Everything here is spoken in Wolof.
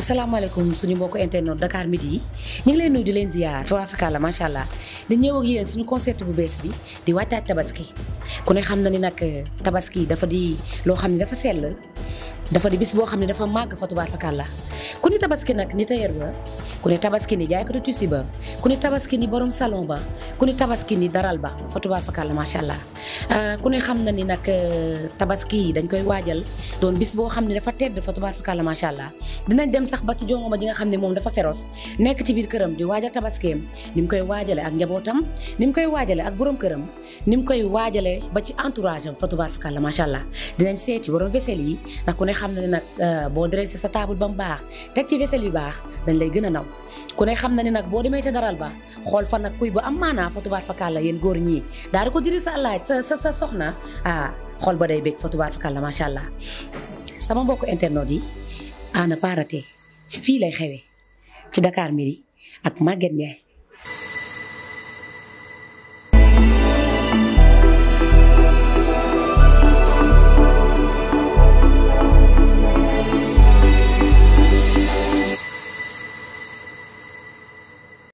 asalaamaaleykum suñu mbokku internet Dakar midi yi ñu ngi leen nuyu di leen ziar Sow Africa la macha allah di ñëw ak yéen suñu concept bu bees bi di waajtaaj tabaski ku ne xam na ni nag euh, tabaski dafa di loo xam ne dafa sell dafa di bis boo xam ne dafa màgg fa tubaar fakàlla ku ni tabaski nag ni tailleur ba ku ni tabaski ni jaaykatu tissu ba ku ni tabaski ni borom salon ba ku ni tabaski ni daral ba fa tubaarfakàlla macha allah ah, ku ne xam na ni nag ah, tabaski yi dañ koy waajal doon bis boo xam ne dafa tedd fa tubaarfakàlla macha allah dinañ dem sax ba ci jongoma ji nga xam ne moom dafa féroce nekk ci biir këram di waajal tabaskeem ni mu koy waajale ak njabootam ni mu koy waajale ak borom këram ni koy waajale ba ci entourage am fa macha allah dinañ seeti borom vaisselle yi ndax ku ne xam na ne nag ah, boo dressé sa taabul ba mu baax te ci vaisselle yu baax dañ lay gën a naw ku ne xam na ni nag boo demee ca daral ba xool fa nag kuy bu am maanaa fa tubaar fakal la yéen góor ñii daal ko diri sa laaj sa sa soxna ah xool ba day bég fa tubaar fakal la macha allah. sama mbokku internautes yi ana parate fii lay xewee ci dakaar Midi ak Maguette Ndiaye.